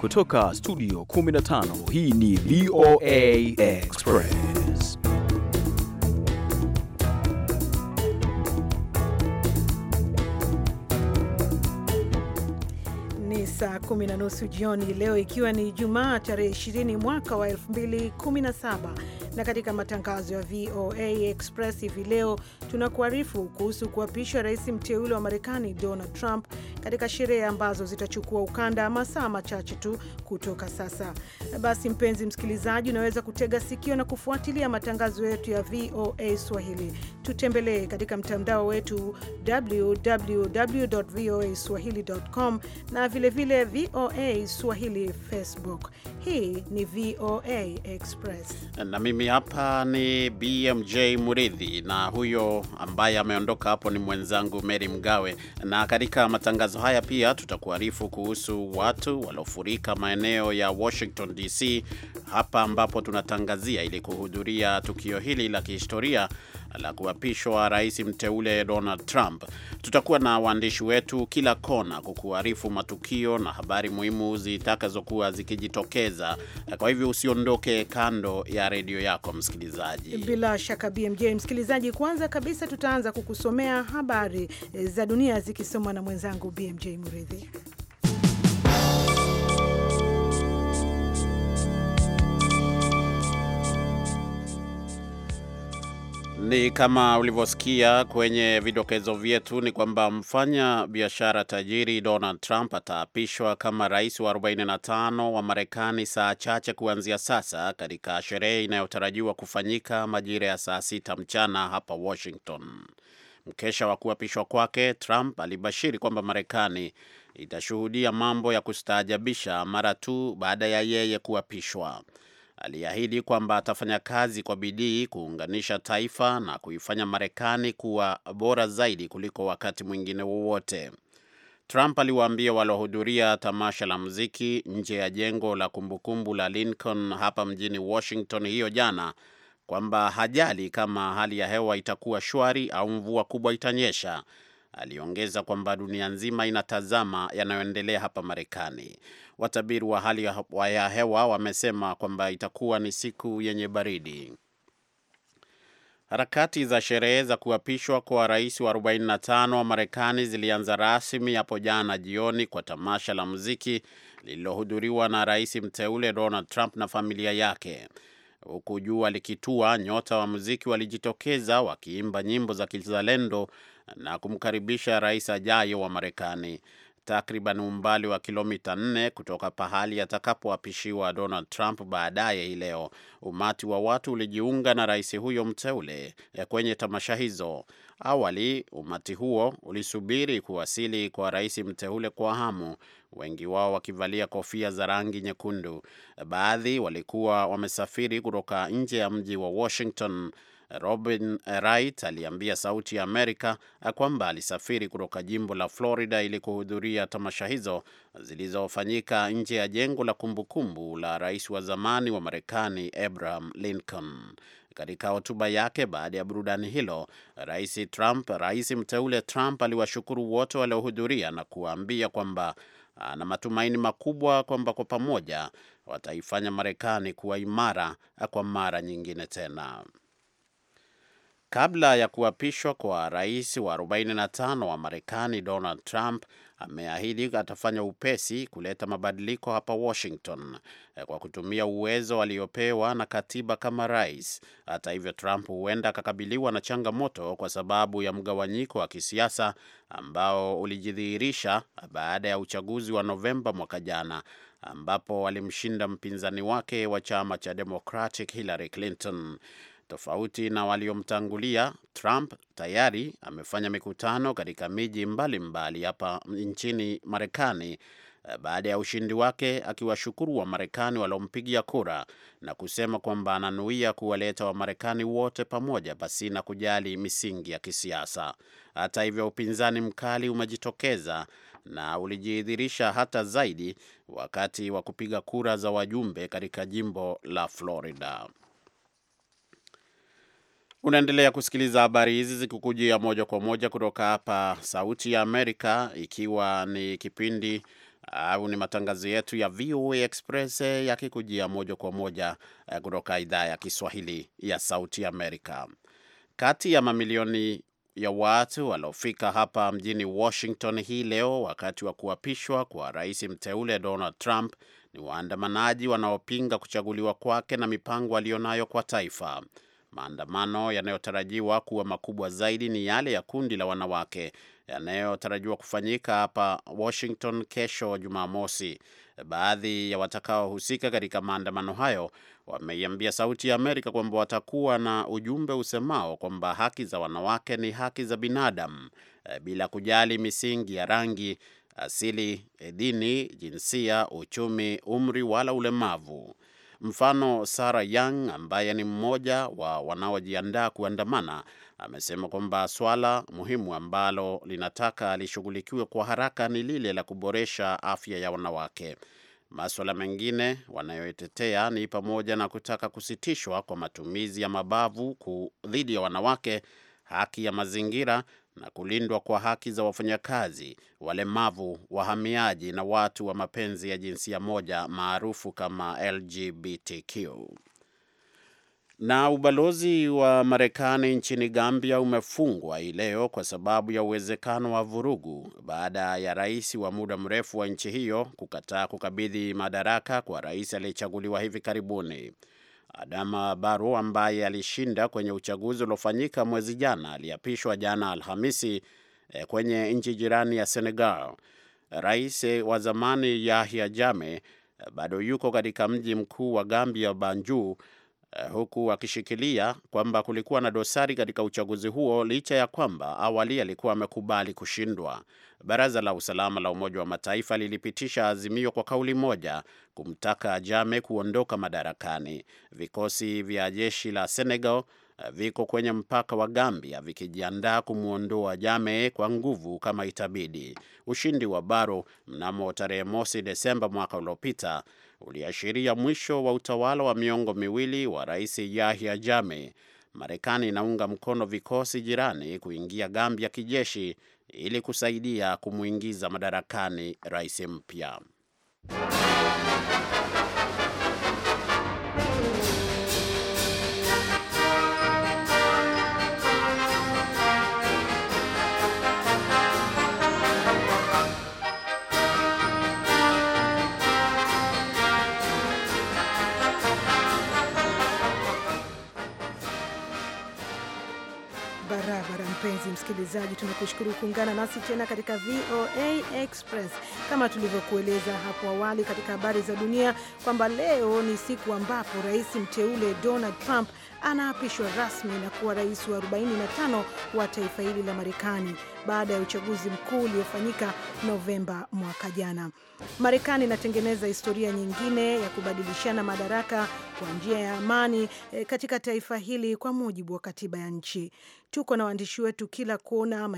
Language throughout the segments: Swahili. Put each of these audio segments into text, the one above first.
Kutoka studio 15 hii ni VOA Express. Ni saa kumi na nusu jioni leo, ikiwa ni Jumaa tarehe 20 mwaka wa 2017 na katika matangazo ya VOA Express hivi leo tunakuarifu kuhusu kuapishwa rais mteule wa Marekani Donald Trump katika sherehe ambazo zitachukua ukanda masaa machache tu kutoka sasa. Basi mpenzi msikilizaji, unaweza kutega sikio na kufuatilia matangazo yetu ya VOA Swahili. Tutembelee katika mtandao wetu www voa swahilicom na vilevile vile VOA Swahili Facebook. Hii ni VOA Express na mimi hapa ni BMJ Muridhi, na huyo ambaye ameondoka hapo ni mwenzangu Mary Mgawe. Na katika matangazo haya pia tutakuarifu kuhusu watu waliofurika maeneo ya Washington DC, hapa ambapo tunatangazia ili kuhudhuria tukio hili la kihistoria la kuapishwa rais mteule Donald Trump. Tutakuwa na waandishi wetu kila kona kukuarifu matukio na habari muhimu zitakazokuwa zikijitokeza. Kwa hivyo usiondoke kando ya redio yako msikilizaji. Bila shaka BMJ msikilizaji, kwanza kabisa tutaanza kukusomea habari za dunia zikisomwa na mwenzangu BMJ Muridhi. Ni kama ulivyosikia kwenye vidokezo vyetu, ni kwamba mfanya biashara tajiri Donald Trump ataapishwa kama rais wa 45 wa Marekani saa chache kuanzia sasa katika sherehe inayotarajiwa kufanyika majira ya saa sita mchana hapa Washington. Mkesha wa kuapishwa kwake, Trump alibashiri kwamba Marekani itashuhudia mambo ya kustaajabisha mara tu baada ya yeye kuapishwa aliahidi kwamba atafanya kazi kwa bidii kuunganisha taifa na kuifanya Marekani kuwa bora zaidi kuliko wakati mwingine wowote. Trump aliwaambia walohudhuria tamasha la muziki nje ya jengo la kumbukumbu la Lincoln hapa mjini Washington hiyo jana kwamba hajali kama hali ya hewa itakuwa shwari au mvua kubwa itanyesha, Aliongeza kwamba dunia nzima inatazama yanayoendelea hapa Marekani. Watabiri wa hali ya hewa wamesema kwamba itakuwa ni siku yenye baridi. Harakati za sherehe za kuapishwa kwa rais wa 45 wa Marekani zilianza rasmi hapo jana jioni kwa tamasha la muziki lililohudhuriwa na rais mteule Donald Trump na familia yake. Huku jua likitua, nyota wa muziki walijitokeza wakiimba nyimbo za kizalendo na kumkaribisha rais ajayo wa Marekani takriban umbali wa kilomita nne kutoka pahali atakapoapishiwa Donald Trump baadaye hii leo. Umati wa watu ulijiunga na rais huyo mteule eh, kwenye tamasha hizo. Awali umati huo ulisubiri kuwasili kwa rais mteule kwa hamu, wengi wao wakivalia kofia za rangi nyekundu. Baadhi walikuwa wamesafiri kutoka nje ya mji wa Washington Robin Wright aliambia Sauti ya Amerika kwamba alisafiri kutoka jimbo la Florida ili kuhudhuria tamasha hizo zilizofanyika nje ya jengo la kumbukumbu la rais wa zamani wa Marekani Abraham Lincoln. Katika hotuba yake baada ya burudani hilo, rais Trump, rais mteule Trump aliwashukuru wote waliohudhuria na kuwaambia kwamba ana matumaini makubwa kwamba kwa pamoja wataifanya Marekani kuwa imara kwa mara nyingine tena. Kabla ya kuapishwa kwa rais wa 45 wa Marekani, Donald Trump ameahidi atafanya upesi kuleta mabadiliko hapa Washington eh, kwa kutumia uwezo aliyopewa na katiba kama rais. Hata hivyo, Trump huenda akakabiliwa na changamoto kwa sababu ya mgawanyiko wa kisiasa ambao ulijidhihirisha baada ya uchaguzi wa Novemba mwaka jana ambapo alimshinda mpinzani wake wa chama cha Democratic Hillary Clinton. Tofauti na waliomtangulia, Trump tayari amefanya mikutano katika miji mbalimbali hapa nchini Marekani eh, baada ya ushindi wake, akiwashukuru Wamarekani waliompigia kura na kusema kwamba ananuia kuwaleta Wamarekani wote pamoja pasina kujali misingi ya kisiasa. Hata hivyo, upinzani mkali umejitokeza na ulijidhihirisha hata zaidi wakati wa kupiga kura za wajumbe katika jimbo la Florida. Unaendelea kusikiliza habari hizi zikikujia moja kwa moja kutoka hapa Sauti ya Amerika, ikiwa ni kipindi uh, au ni matangazo yetu ya VOA Express eh, yakikujia moja kwa moja eh, kutoka idhaa ya Kiswahili ya Sauti Amerika. Kati ya mamilioni ya watu waliofika hapa mjini Washington hii leo wakati wa kuapishwa kwa rais mteule Donald Trump ni waandamanaji wanaopinga kuchaguliwa kwake na mipango aliyonayo kwa taifa. Maandamano yanayotarajiwa kuwa makubwa zaidi ni yale ya kundi la wanawake yanayotarajiwa kufanyika hapa Washington kesho Jumamosi. Baadhi ya watakaohusika katika maandamano hayo wameiambia Sauti ya Amerika kwamba watakuwa na ujumbe usemao kwamba haki za wanawake ni haki za binadamu e, bila kujali misingi ya rangi, asili, dini, jinsia, uchumi, umri wala ulemavu. Mfano, sara Young ambaye ni mmoja wa wanaojiandaa kuandamana amesema kwamba swala muhimu ambalo linataka lishughulikiwe kwa haraka ni lile la kuboresha afya ya wanawake. Maswala mengine wanayotetea ni pamoja na kutaka kusitishwa kwa matumizi ya mabavu dhidi ya wanawake, haki ya mazingira na kulindwa kwa haki za wafanyakazi, walemavu, wahamiaji na watu wa mapenzi ya jinsia moja maarufu kama LGBTQ. Na ubalozi wa Marekani nchini Gambia umefungwa hii leo kwa sababu ya uwezekano wa vurugu baada ya rais wa muda mrefu wa nchi hiyo kukataa kukabidhi madaraka kwa rais aliyechaguliwa hivi karibuni. Adama Barrow ambaye alishinda kwenye uchaguzi uliofanyika mwezi jana aliapishwa jana Alhamisi eh, kwenye nchi jirani ya Senegal. Rais eh, wa zamani Yahya Jammeh eh, bado yuko katika mji mkuu wa Gambia, Banjul, Eh, huku akishikilia kwamba kulikuwa na dosari katika uchaguzi huo licha ya kwamba awali alikuwa amekubali kushindwa. Baraza la usalama la Umoja wa Mataifa lilipitisha azimio kwa kauli moja kumtaka Jame kuondoka madarakani. Vikosi vya jeshi la Senegal eh, viko kwenye mpaka wa Gambia vikijiandaa kumwondoa Jame kwa nguvu kama itabidi. Ushindi wa Baro mnamo tarehe mosi Desemba mwaka uliopita uliashiria mwisho wa utawala wa miongo miwili wa Rais Yahya Jammeh. Marekani inaunga mkono vikosi jirani kuingia Gambia kijeshi ili kusaidia kumwingiza madarakani rais mpya. Mpenzi msikilizaji, tunakushukuru kuungana nasi tena katika VOA Express. Kama tulivyokueleza hapo awali katika habari za dunia kwamba leo ni siku ambapo rais mteule Donald Trump anaapishwa rasmi na kuwa rais wa 45 wa taifa hili la Marekani baada ya uchaguzi mkuu uliofanyika Novemba mwaka jana. Marekani inatengeneza historia nyingine ya kubadilishana madaraka kwa njia ya amani e, katika taifa hili kwa mujibu wa katiba ya nchi. Tuko na waandishi wetu kila kona,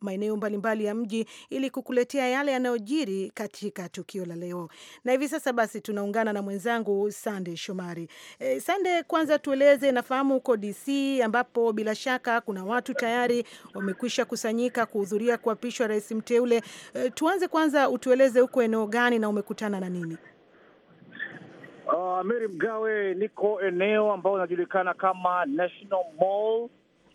maeneo mbalimbali ya mji, ili kukuletea yale yanayojiri katika tukio la leo. Na hivi sasa basi tunaungana na mwenzangu Sande Shomari. E, Sande, kwanza tueleze, nafahamu huko DC ambapo bila shaka kuna watu tayari wamekwisha kusanyika kuhudhuria kuapishwa rais mteule. E, tuanze kwanza, utueleze huko eneo gani na umekutana na nini? Uh, Mary Mgawe, niko eneo ambao inajulikana kama National Mall.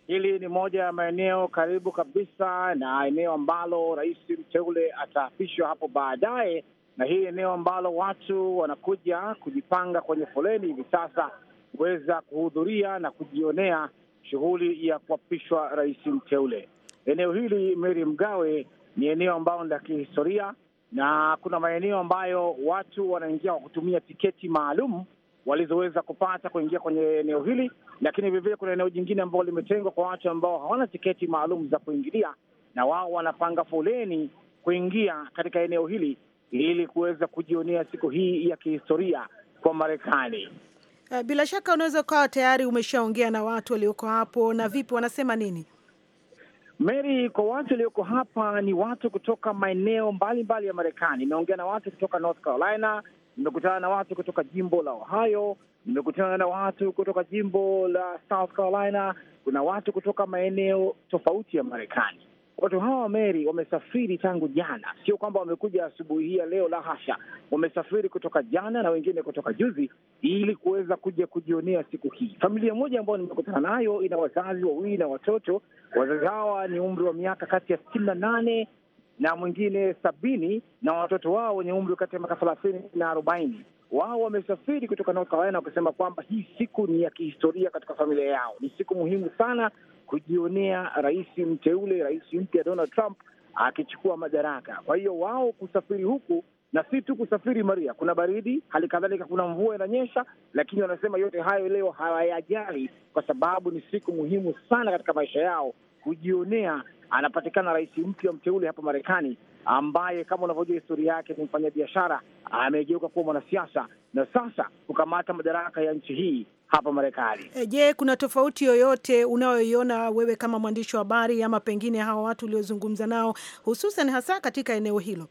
Hili ni moja ya maeneo karibu kabisa na eneo ambalo rais mteule ataapishwa hapo baadaye, na hii eneo ambalo watu wanakuja kujipanga kwenye foleni hivi sasa kuweza kuhudhuria na kujionea shughuli ya kuapishwa rais mteule. Eneo hili Mary Mgawe, ni eneo ambalo ni la kihistoria na kuna maeneo ambayo watu wanaingia kwa kutumia tiketi maalum walizoweza kupata kuingia kwenye eneo hili, lakini vilevile kuna eneo jingine ambalo limetengwa kwa watu ambao hawana tiketi maalum za kuingilia, na wao wanapanga foleni kuingia katika eneo hili ili kuweza kujionea siku hii ya kihistoria kwa Marekani. Eh, bila shaka unaweza ukawa tayari umeshaongea na watu walioko hapo, na vipi, wanasema nini? Mary, kwa watu walioko hapa ni watu kutoka maeneo mbalimbali ya Marekani. Nimeongea na watu kutoka North Carolina, nimekutana na watu kutoka jimbo la Ohio, nimekutana na watu kutoka jimbo la South Carolina. Kuna watu kutoka maeneo tofauti ya Marekani. Watu hawa Meri wamesafiri tangu jana, sio kwamba wamekuja asubuhi hii ya leo, la hasha. Wamesafiri kutoka jana na wengine kutoka juzi, ili kuweza kuja kujionea siku hii. Familia moja ambayo nimekutana nayo ina wazazi wawili na watoto. Wazazi hawa ni umri wa miaka kati ya sitini na nane na mwingine sabini, na watoto wao wenye umri kati ya miaka thelathini na arobaini wao wamesafiri kutoka North Carolina wakisema kwamba hii siku ni ya kihistoria katika familia yao, ni siku muhimu sana kujionea rais mteule, rais mpya Donald Trump akichukua madaraka. Kwa hiyo wao kusafiri huku na si tu kusafiri Maria, kuna baridi, hali kadhalika kuna mvua inanyesha, lakini wanasema yote hayo leo hawayajali kwa sababu ni siku muhimu sana katika maisha yao, kujionea anapatikana rais mpya mteule hapa Marekani ambaye kama unavyojua historia yake ni mfanyabiashara, amegeuka kuwa mwanasiasa na sasa kukamata madaraka ya nchi hii hapa Marekani. Eh, je, kuna tofauti yoyote unayoiona wewe kama mwandishi wa habari ama pengine hawa watu uliozungumza nao, hususan hasa katika eneo hilo?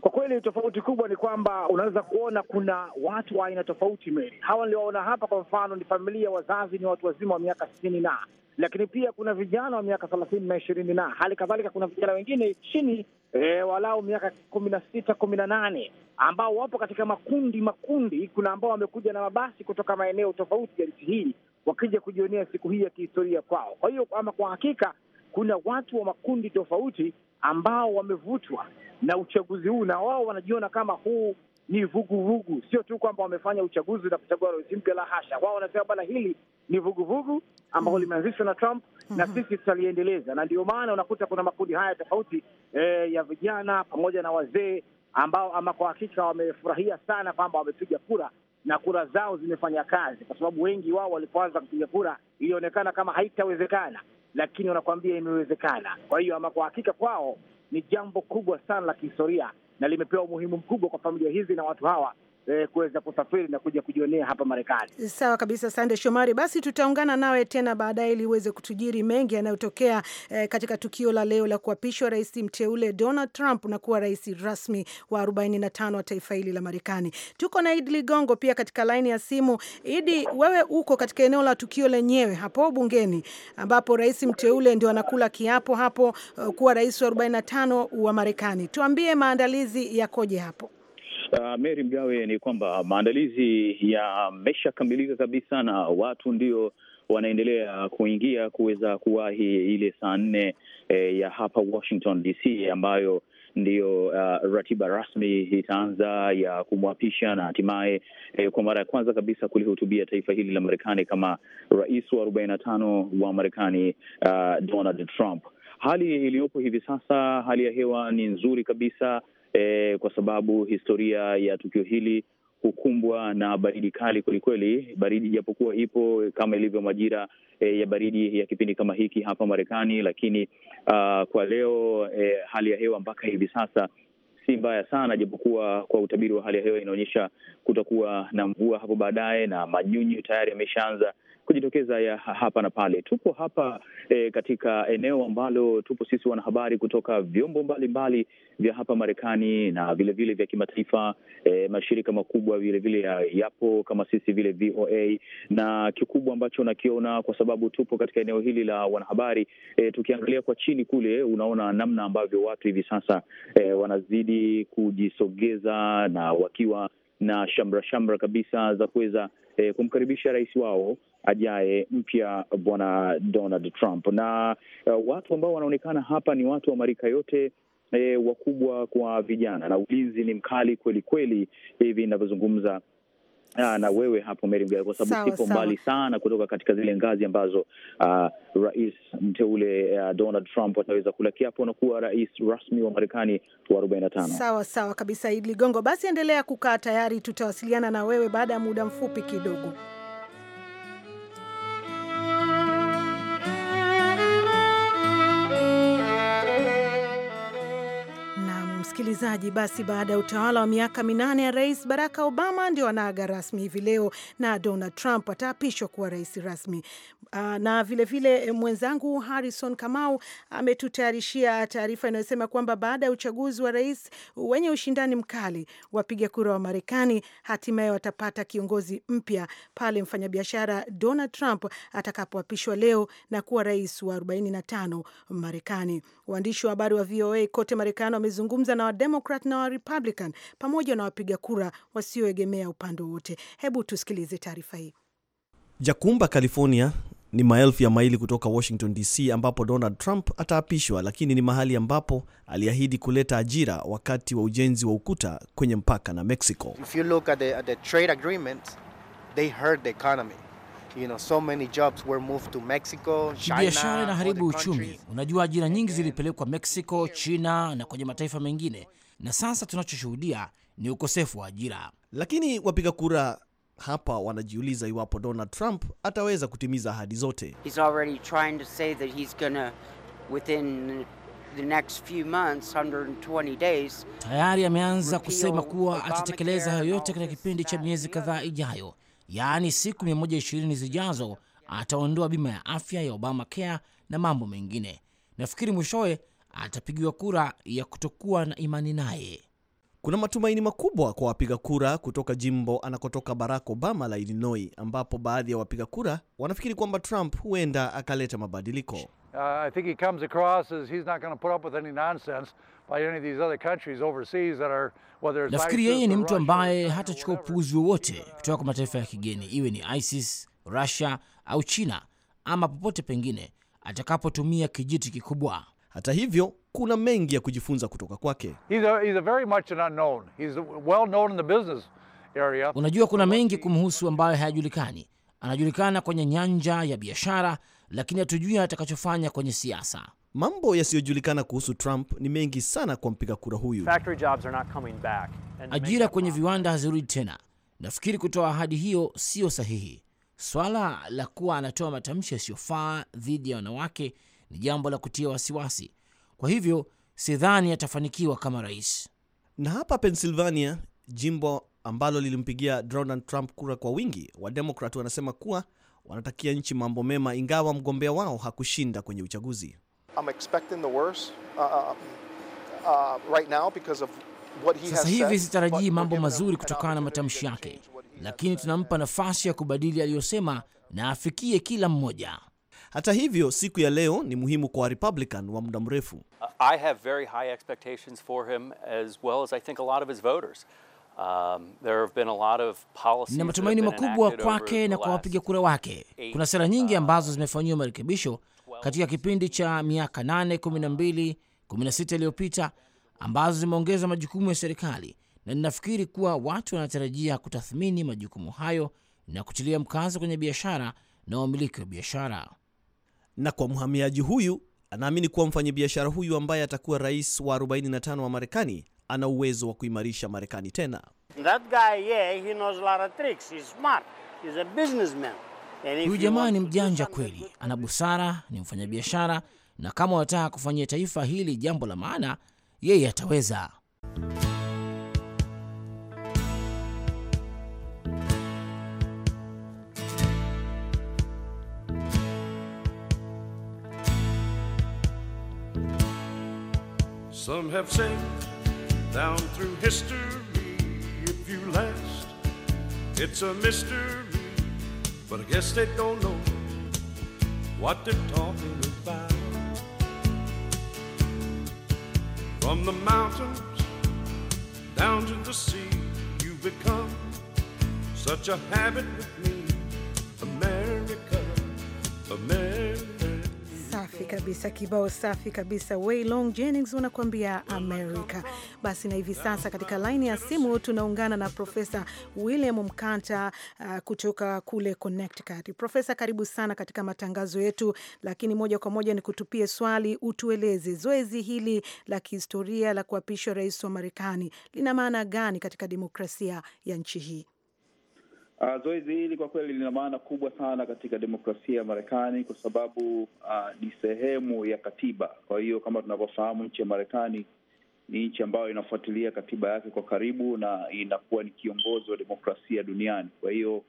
Kwa kweli tofauti kubwa ni kwamba unaweza kuona kuna watu wa aina tofauti meli. Hawa niliowaona hapa kwa mfano ni familia, wazazi ni watu wazima wa miaka sitini na lakini pia kuna vijana wa miaka thelathini na ishirini na hali kadhalika kuna vijana wengine chini e, walau miaka kumi na sita kumi na nane ambao wapo katika makundi makundi. Kuna ambao wamekuja na mabasi kutoka maeneo tofauti ya nchi hii wakija kujionea siku hii ya kihistoria kwao. Kwa hiyo ama kwa hakika kuna watu wa makundi tofauti ambao wamevutwa na uchaguzi huu na wao wanajiona kama huu ni vuguvugu, sio tu kwamba wamefanya uchaguzi na kuchagua rais mpya, la hasha. Wao wanasema bana, hili ni vuguvugu ambalo mm. limeanzishwa na Trump na mm-hmm. sisi tutaliendeleza, na ndio maana unakuta kuna makundi haya tofauti eh, ya vijana pamoja na wazee ambao ama kwa hakika wamefurahia sana kwamba wamepiga kura na kura zao zimefanya kazi, kwa sababu wengi wao walipoanza kupiga kura ilionekana kama haitawezekana, lakini wanakuambia imewezekana. Kwa hiyo ama kwa hakika kwao ni jambo kubwa sana la kihistoria na limepewa umuhimu mkubwa kwa familia hizi na watu hawa E, kuweza kusafiri na kuja kujionea hapa Marekani. Sawa kabisa, Sande Shomari. Basi tutaungana nawe tena baadaye ili uweze kutujiri mengi yanayotokea eh, katika tukio la leo la kuapishwa rais mteule Donald Trump na kuwa rais rasmi wa 45 wa taifa hili la Marekani. Tuko na Idi Ligongo pia katika laini ya simu. Idi, wewe uko katika eneo la tukio lenyewe hapo bungeni ambapo rais mteule ndio anakula kiapo hapo, uh, kuwa rais wa 45 wa Marekani. Tuambie maandalizi yakoje hapo? Uh, Mary Mgawe, ni kwamba maandalizi yameshakamilika kabisa na watu ndio wanaendelea kuingia kuweza kuwahi ile saa nne eh, ya hapa Washington DC ambayo ndiyo uh, e, ratiba rasmi itaanza ya kumwapisha na hatimaye eh, kwa mara ya kwanza kabisa kulihutubia taifa hili la Marekani kama rais wa arobaini na tano wa Marekani uh, Donald Trump. Hali iliyopo hivi sasa, hali ya hewa ni nzuri kabisa e, kwa sababu historia ya tukio hili hukumbwa na baridi kali kwelikweli. Baridi japokuwa ipo kama ilivyo majira e, ya baridi ya kipindi kama hiki hapa Marekani, lakini uh, kwa leo e, hali ya hewa mpaka hivi sasa si mbaya sana, japokuwa kwa utabiri wa hali ya hewa inaonyesha kutakuwa na mvua hapo baadaye, na manyunyu tayari yameshaanza kujitokeza ya hapa na pale. Tupo hapa e, katika eneo ambalo tupo sisi wanahabari kutoka vyombo mbalimbali mbali vya hapa Marekani na vilevile vya kimataifa, e, mashirika makubwa vilevile yapo kama sisi vile VOA, na kikubwa ambacho nakiona kwa sababu tupo katika eneo hili la wanahabari e, tukiangalia kwa chini kule unaona namna ambavyo watu hivi sasa e, wanazidi kujisogeza na wakiwa na shamra shamra kabisa za kuweza eh, kumkaribisha rais wao ajaye mpya bwana Donald Trump na uh, watu ambao wanaonekana hapa ni watu wa marika yote eh, wakubwa kwa vijana na ulinzi ni mkali kweli kweli hivi inavyozungumza Aa, ah, na wewe hapo Meri Mgawe, kwa sababu sipo mbali sana kutoka katika zile ngazi ambazo uh, rais mteule uh, Donald Trump ataweza kula kiapo na kuwa rais rasmi wa Marekani wa 45. Sawa sawa kabisa, Idi Ligongo, basi endelea kukaa tayari, tutawasiliana na wewe baada ya muda mfupi kidogo. msikilizaji, basi baada ya utawala wa miaka minane ya Rais Barack Obama ndio anaaga rasmi hivi leo, na Donald Trump ataapishwa kuwa rais rasmi. Ah, na vilevile vile, eh, mwenzangu Harrison Kamau ametutayarishia taarifa inayosema kwamba baada ya uchaguzi wa rais wenye ushindani mkali, wapiga kura wa Marekani hatimaye watapata kiongozi mpya pale mfanyabiashara Donald Trump atakapoapishwa leo na kuwa rais wa 45 Marekani. Waandishi wa habari wa VOA kote Marekani wamezungumza na Wademokrat na Warepublican pamoja na wapiga kura wasioegemea upande wowote. Hebu tusikilize taarifa hii. Jakumba, California ni maelfu ya maili kutoka Washington DC ambapo Donald Trump ataapishwa, lakini ni mahali ambapo aliahidi kuleta ajira wakati wa ujenzi wa ukuta kwenye mpaka na Mexico. If you look at the, at the trade agreement, they hurt the economy. You know, so many jobs were moved to Mexico, China. Biashara inaharibu uchumi. Unajua, ajira nyingi zilipelekwa Mexico, China na kwenye mataifa mengine, na sasa tunachoshuhudia ni ukosefu wa ajira. Lakini wapiga kura hapa wanajiuliza iwapo Donald Trump ataweza kutimiza ahadi zote. He's already trying to say that he's gonna within the next few months 120 days. Tayari ameanza kusema kuwa atatekeleza hayo yote katika kipindi cha miezi kadhaa ijayo yaani siku 120 zijazo ataondoa bima ya afya ya obama care na mambo mengine. Nafikiri mwishowe atapigiwa kura ya kutokuwa na imani naye. Kuna matumaini makubwa kwa wapiga kura kutoka jimbo anakotoka Barack Obama la Illinois, ambapo baadhi ya wapiga kura wanafikiri kwamba Trump huenda akaleta mabadiliko. Uh, I think he comes across as he's not going to put up with any nonsense by any of these other countries overseas that are whether it's Nafikiri yeye ni mtu ambaye hatachukua upuuzi wowote kutoka kwa mataifa ya kigeni, iwe ni ISIS, Russia au China ama popote pengine atakapotumia kijiti kikubwa hata hivyo kuna mengi ya kujifunza kutoka kwake. unajua kuna mengi kumhusu ambayo hayajulikani. Anajulikana kwenye nyanja ya biashara, lakini hatujui atakachofanya kwenye siasa. Mambo yasiyojulikana kuhusu Trump ni mengi sana kwa mpiga kura huyu. Ajira kwenye viwanda hazirudi tena. Nafikiri kutoa ahadi hiyo siyo sahihi. Swala la kuwa anatoa matamshi yasiyofaa dhidi ya wanawake ni jambo la kutia wasiwasi. Kwa hivyo sidhani atafanikiwa kama rais. Na hapa Pennsylvania, jimbo ambalo lilimpigia Donald Trump kura kwa wingi, Wademokrat wanasema kuwa wanatakia nchi mambo mema, ingawa mgombea wao hakushinda kwenye uchaguzi. Uh, uh, uh, Sasa hivi sitarajii mambo mazuri kutokana na matamshi yake, lakini tunampa nafasi ya kubadili aliyosema na afikie kila mmoja. Hata hivyo, siku ya leo ni muhimu kwa Republican wa muda mrefu. I have very high expectations for him as well as I think a lot of his voters. Um, there have been a lot of policies. Na matumaini makubwa kwake na kwa wapiga kura wake. Kuna sera nyingi uh, ambazo zimefanyiwa marekebisho katika kipindi cha miaka 8, 12, 16 iliyopita ambazo zimeongeza majukumu ya serikali, na ninafikiri kuwa watu wanatarajia kutathmini majukumu hayo na kutilia mkazo kwenye biashara na wamiliki wa biashara na kwa mhamiaji huyu anaamini kuwa mfanyabiashara huyu ambaye atakuwa rais wa 45 wa Marekani ana uwezo wa kuimarisha Marekani tena. Huyu jamaa ni mjanja kweli, ana busara, ni mfanyabiashara, na kama wanataka kufanyia taifa hili jambo la maana, yeye ataweza. Some have said down through history, if you last, it's a mystery. But I guess they don't know what they're talking about. From the mountains down to the sea, you become such a habit with me, America, America. safi kabisa, kibao safi kabisa. Waylon Jennings unakuambia America. Basi na hivi sasa katika laini ya simu tunaungana na Profesa William Mkanta uh, kutoka kule Connecticut. Profesa, karibu sana katika matangazo yetu, lakini moja kwa moja ni kutupie swali, utueleze zoezi hili la kihistoria la kuapishwa rais wa Marekani lina maana gani katika demokrasia ya nchi hii? Uh, zoezi hili kwa kweli lina maana kubwa sana katika demokrasia ya Marekani kwa sababu uh, ni sehemu ya katiba. Kwa hiyo kama tunavyofahamu, nchi ya Marekani ni nchi ambayo inafuatilia katiba yake kwa karibu na inakuwa ni kiongozi wa demokrasia duniani. Kwa hiyo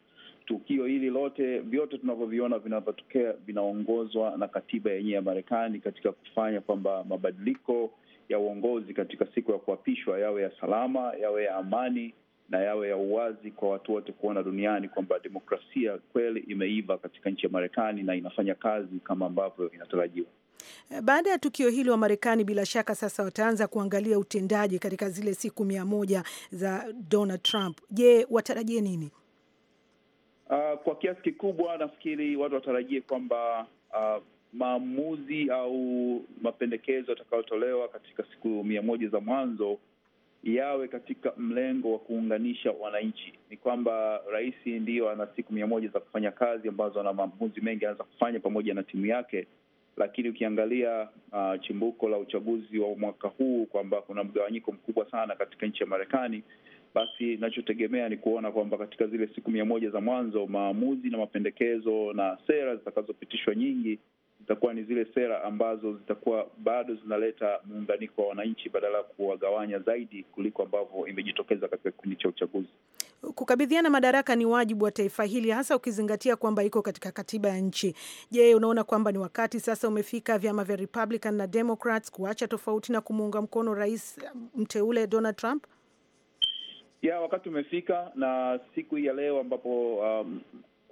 tukio hili lote, vyote tunavyoviona vinavyotokea, vinaongozwa na katiba yenyewe ya Marekani katika kufanya kwamba mabadiliko ya uongozi katika siku ya kuapishwa yawe ya salama, yawe ya amani na yawe ya uwazi kwa watu wote kuona duniani kwamba demokrasia kweli imeiva katika nchi ya Marekani na inafanya kazi kama ambavyo inatarajiwa. Eh, baada ya tukio hili wa Marekani bila shaka sasa wataanza kuangalia utendaji katika zile siku mia moja za Donald Trump. Je, watarajie nini? Uh, kwa kiasi kikubwa nafikiri watu watarajie kwamba uh, maamuzi au mapendekezo yatakayotolewa katika siku mia moja za mwanzo yawe katika mlengo wa kuunganisha wananchi. Ni kwamba rais ndiyo ana siku mia moja za kufanya kazi ambazo ana maamuzi mengi anaweza kufanya pamoja na timu yake, lakini ukiangalia uh, chimbuko la uchaguzi wa mwaka huu kwamba kuna mgawanyiko mkubwa sana katika nchi ya Marekani, basi nachotegemea ni kuona kwamba katika zile siku mia moja za mwanzo maamuzi na mapendekezo na sera zitakazopitishwa nyingi zitakuwa ni zile sera ambazo zitakuwa bado zinaleta muunganiko wa wananchi badala ya kuwagawanya zaidi kuliko ambavyo imejitokeza katika kipindi cha uchaguzi. Kukabidhiana madaraka ni wajibu wa taifa hili, hasa ukizingatia kwamba iko katika katiba ya nchi. Je, unaona kwamba ni wakati sasa umefika vyama vya Republican na Democrats kuacha tofauti na kumuunga mkono rais um, mteule Donald Trump? Ya, wakati umefika na siku hii ya leo ambapo um,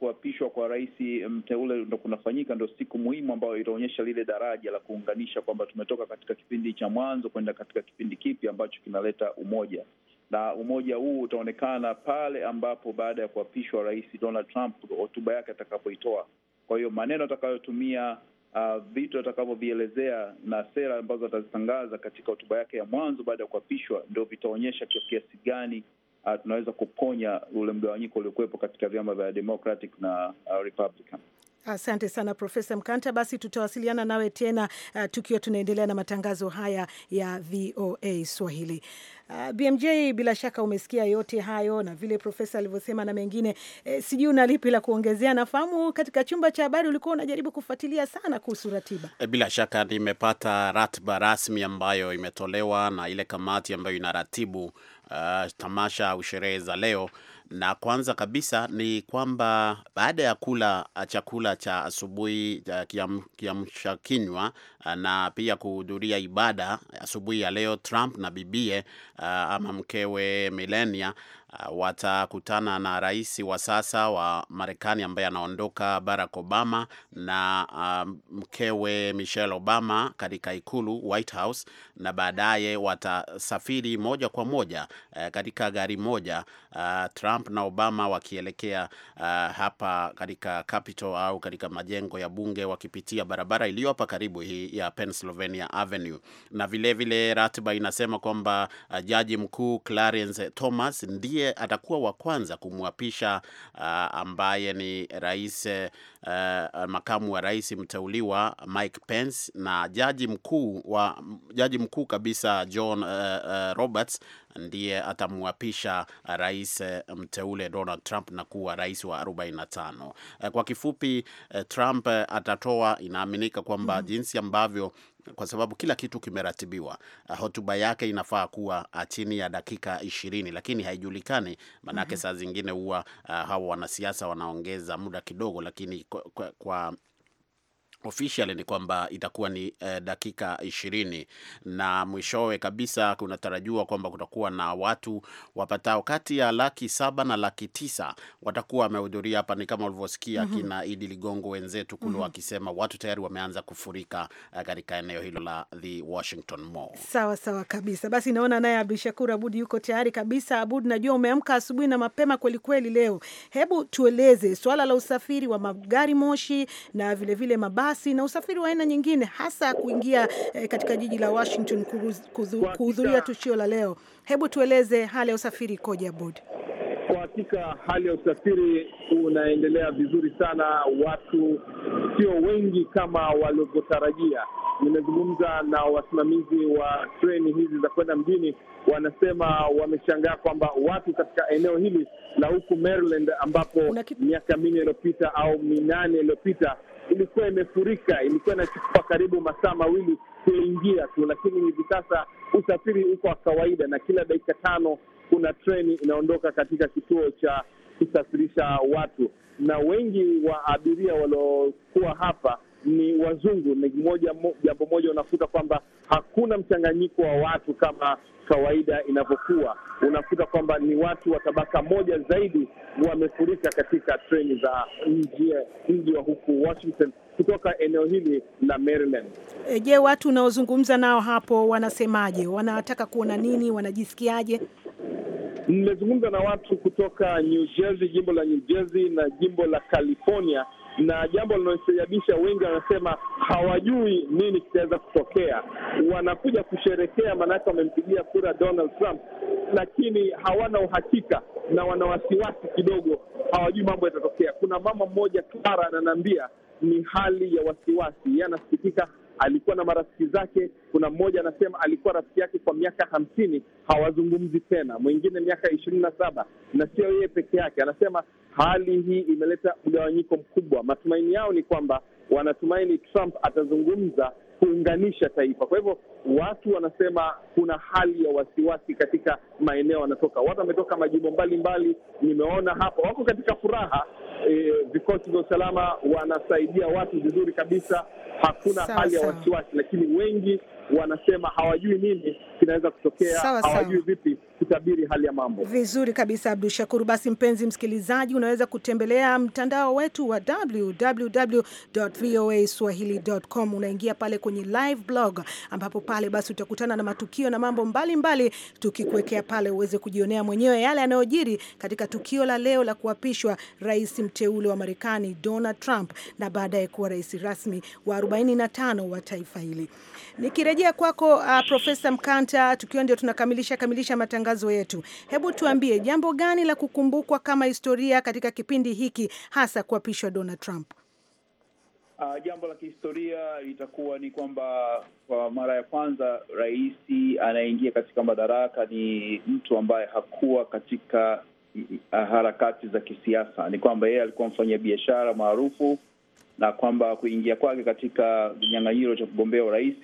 kuapishwa kwa rais mteule ndo kunafanyika, ndo siku muhimu ambayo itaonyesha lile daraja la kuunganisha kwamba tumetoka katika kipindi cha mwanzo kwenda katika kipindi kipya ambacho kinaleta umoja, na umoja huu utaonekana pale ambapo baada ya kuapishwa Rais Donald Trump hotuba yake atakapoitoa. Kwa hiyo maneno atakayotumia Uh, vitu atakavyovielezea na sera ambazo atazitangaza katika hotuba yake ya mwanzo baada ya kuapishwa, ndo vitaonyesha kiasi gani uh, tunaweza kuponya ule mgawanyiko uliokuwepo katika vyama vya Democratic na uh, Republican. Asante sana Profesa Mkanta, basi tutawasiliana nawe tena uh, tukiwa tunaendelea na matangazo haya ya VOA Swahili. Uh, BMJ, bila shaka umesikia yote hayo na vile profesa alivyosema na mengine eh, sijui una lipi la kuongezea? Nafahamu katika chumba cha habari ulikuwa unajaribu kufuatilia sana kuhusu ratiba. Eh, bila shaka nimepata ratiba rasmi ambayo imetolewa na ile kamati ambayo inaratibu uh, tamasha au sherehe za leo, na kwanza kabisa ni kwamba baada ya kula ah, chakula cha asubuhi kiamsha kinywa ah, na pia kuhudhuria ibada asubuhi ya leo, Trump na bibie uh, ama mkewe Melania Uh, watakutana na rais wa sasa wa Marekani ambaye anaondoka Barack Obama na uh, mkewe Michelle Obama katika ikulu White House, na baadaye watasafiri moja kwa moja uh, katika gari moja uh, Trump na Obama wakielekea uh, hapa katika Capitol au katika majengo ya bunge wakipitia barabara iliyo hapa karibu hii ya Pennsylvania Avenue, na vilevile vile ratiba inasema kwamba uh, jaji mkuu Clarence Thomas ndiye ndiye atakuwa wa kwanza kumwapisha uh, ambaye ni rais uh, makamu wa rais mteuliwa Mike Pence na jaji mkuu wa jaji mkuu kabisa John uh, uh, Roberts ndiye atamwapisha rais eh, mteule Donald Trump na kuwa rais wa 45. Kwa kifupi, Trump atatoa, inaaminika kwamba mm-hmm. jinsi ambavyo kwa sababu kila kitu kimeratibiwa. Ah, hotuba yake inafaa kuwa ah, chini ya dakika ishirini, lakini haijulikani maanake, mm -hmm. saa zingine huwa uh, ah, hawa wanasiasa wanaongeza muda kidogo, lakini kwa, kwa, kwa official ni kwamba itakuwa ni eh, dakika ishirini na mwishowe kabisa kunatarajiwa kwamba kutakuwa na watu wapatao kati ya laki saba na laki tisa watakuwa wamehudhuria hapa. Ni kama ulivyosikia mm -hmm. kina Idi Ligongo wenzetu kule mm -hmm. watu tayari wameanza kufurika eh, katika eneo hilo la the Washington Mall. Sawa sawa kabisa. Basi naona naye Abdu Shakur Abud yuko tayari kabisa. Abud, najua umeamka asubuhi na mapema kwelikweli leo, hebu tueleze swala la usafiri wa magari moshi na vilevile vile mabari mabasi na usafiri wa aina nyingine, hasa kuingia eh, katika jiji la Washington kuhudhuria tukio la leo. Hebu tueleze hali ya usafiri ikoje, Abud? Kwa hakika hali ya usafiri unaendelea vizuri sana, watu sio wengi kama walivyotarajia. Nimezungumza na wasimamizi wa treni hizi za kwenda mjini, wanasema wameshangaa kwamba watu katika eneo hili la huku Maryland ambapo miaka minne iliyopita au minane iliyopita ilikuwa imefurika, ilikuwa inachukua karibu masaa mawili kuingia tu, lakini hivi sasa usafiri uko wa kawaida, na kila dakika tano kuna treni inaondoka katika kituo cha kusafirisha watu, na wengi wa abiria waliokuwa hapa ni wazungu. Ni moja jambo moja, unakuta kwamba hakuna mchanganyiko wa watu kama kawaida inavyokuwa. Unakuta kwamba ni watu wa tabaka moja zaidi wamefurika katika treni za mji wa huku Washington kutoka eneo hili la Maryland. E, je, watu unaozungumza nao hapo wanasemaje? Wanataka kuona nini? Wanajisikiaje? Nimezungumza na watu kutoka New Jersey, jimbo la New Jersey na jimbo la California na jambo linalostaajabisha, wengi wanasema hawajui nini kitaweza kutokea. Wanakuja kusherekea, maanake wamempigia kura Donald Trump, lakini hawana uhakika na wana wasiwasi kidogo, hawajui mambo yatatokea. Kuna mama mmoja Clara ananiambia ni hali ya wasiwasi, yanasikitika alikuwa na marafiki zake. Kuna mmoja anasema alikuwa rafiki yake kwa miaka hamsini, hawazungumzi tena, mwingine miaka ishirini na saba, na sio yeye peke yake. Anasema hali hii imeleta mgawanyiko mkubwa. Matumaini yao ni kwamba wanatumaini Trump atazungumza kuunganisha taifa. Kwa hivyo watu wanasema kuna hali ya wasiwasi katika maeneo wanatoka. Watu wametoka majimbo mbalimbali, nimeona hapa wako katika furaha, Eh, vikosi vya usalama wanasaidia watu vizuri kabisa, hakuna hali ya wasiwasi, lakini wengi wanasema hawajui nini kinaweza kutokea, sawa, hawajui vipi kutabiri hali ya mambo. Vizuri kabisa, Abdu shakuru Basi mpenzi msikilizaji, unaweza kutembelea mtandao wetu wa www.voaswahili.com. Unaingia pale kwenye live blog, ambapo pale basi utakutana na matukio na mambo mbalimbali, tukikuwekea pale uweze kujionea mwenyewe yale yanayojiri katika tukio la leo la kuapishwa rais mteule wa Marekani Donald Trump na baadaye kuwa rais rasmi wa 45 wa taifa hili. Nikirejea Nikija kwako uh, Profesa Mkanta, tukiwa ndio tunakamilisha kamilisha matangazo yetu, hebu tuambie jambo gani la kukumbukwa kama historia katika kipindi hiki, hasa kuapishwa Donald Trump? Uh, jambo la kihistoria litakuwa ni kwamba kwa mara ya kwanza rais anayeingia katika madaraka ni mtu ambaye hakuwa katika ah, harakati za kisiasa. Ni kwamba yeye alikuwa mfanya biashara maarufu, na kwamba kuingia kwake katika kinyang'anyiro cha kugombea urais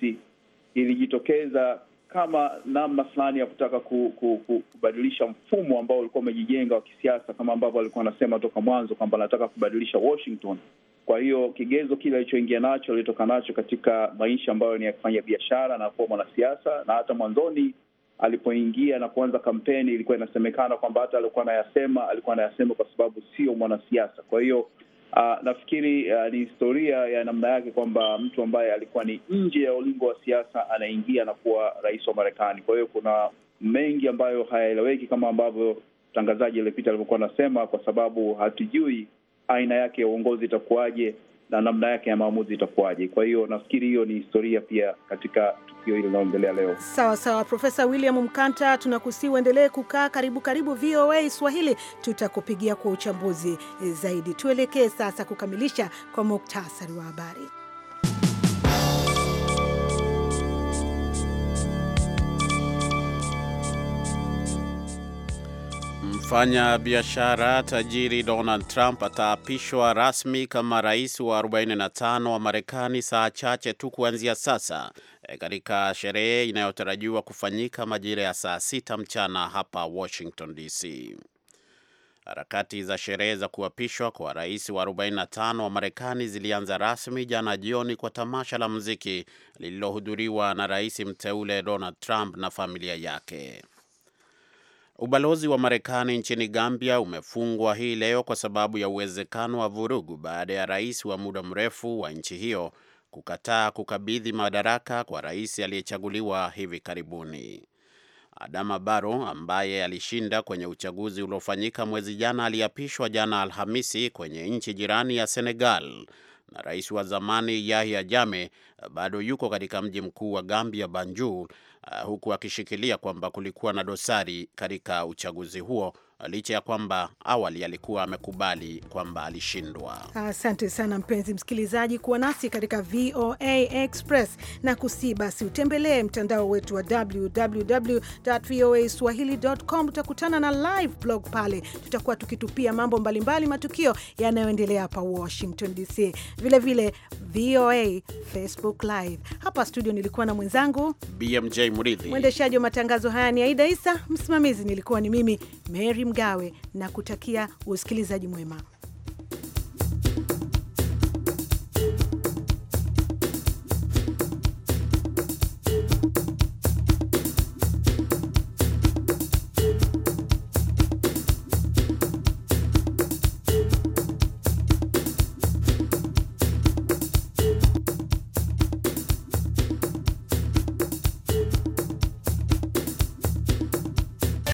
ilijitokeza kama namna fulani ya kutaka ku, ku, ku, kubadilisha mfumo ambao ulikuwa umejijenga wa kisiasa, kama ambavyo alikuwa anasema toka mwanzo kwamba anataka kubadilisha Washington. Kwa hiyo kigezo kile alichoingia nacho alitoka nacho katika maisha ambayo ni ya kufanya biashara na kuwa mwanasiasa, na hata mwanzoni alipoingia na kuanza kampeni ilikuwa inasemekana kwamba hata alikuwa anayasema alikuwa anayasema kwa sababu sio mwanasiasa. Kwa hiyo Uh, nafikiri uh, ni historia ya namna yake kwamba mtu ambaye alikuwa ni nje ya ulingo wa siasa anaingia na kuwa rais wa Marekani. Kwa hiyo kuna mengi ambayo hayaeleweki kama ambavyo mtangazaji aliyopita alivyokuwa anasema, kwa sababu hatujui aina yake ya uongozi itakuwaje na namna yake ya maamuzi itakuwaje. Kwa hiyo nafikiri hiyo ni historia pia katika tukio hili linaloendelea leo. Sawa sawa, Profesa William Mkanta, tunakusii uendelee kukaa karibu karibu VOA Swahili, tutakupigia kwa uchambuzi zaidi. Tuelekee sasa kukamilisha kwa muktasari wa habari. Mfanya biashara tajiri Donald Trump ataapishwa rasmi kama rais wa 45 wa Marekani saa chache tu kuanzia sasa eh, katika sherehe inayotarajiwa kufanyika majira ya saa sita mchana hapa Washington DC. Harakati za sherehe za kuapishwa kwa rais wa 45 wa Marekani zilianza rasmi jana jioni kwa tamasha la muziki lililohudhuriwa na rais mteule Donald Trump na familia yake. Ubalozi wa Marekani nchini Gambia umefungwa hii leo kwa sababu ya uwezekano wa vurugu baada ya rais wa muda mrefu wa nchi hiyo kukataa kukabidhi madaraka kwa rais aliyechaguliwa hivi karibuni. Adama Baro ambaye alishinda kwenye uchaguzi uliofanyika mwezi jana aliapishwa jana Alhamisi kwenye nchi jirani ya Senegal, na rais wa zamani Yahya jame bado yuko katika mji mkuu wa Gambia, Banjul, Uh, huku akishikilia kwamba kulikuwa na dosari katika uchaguzi huo licha ya kwamba awali alikuwa amekubali kwamba alishindwa. Asante sana mpenzi msikilizaji kuwa nasi katika VOA Express, na kusi basi utembelee mtandao wetu wa www.voaswahili.com. Utakutana na live blog pale, tutakuwa tukitupia mambo mbalimbali, matukio yanayoendelea hapa Washington DC, vilevile VOA Facebook Live. Hapa studio nilikuwa na mwenzangu BMJ Mridhi, mwendeshaji wa matangazo haya ni Aida Isa, msimamizi nilikuwa ni mimi Mary Mgawe na kutakia usikilizaji mwema.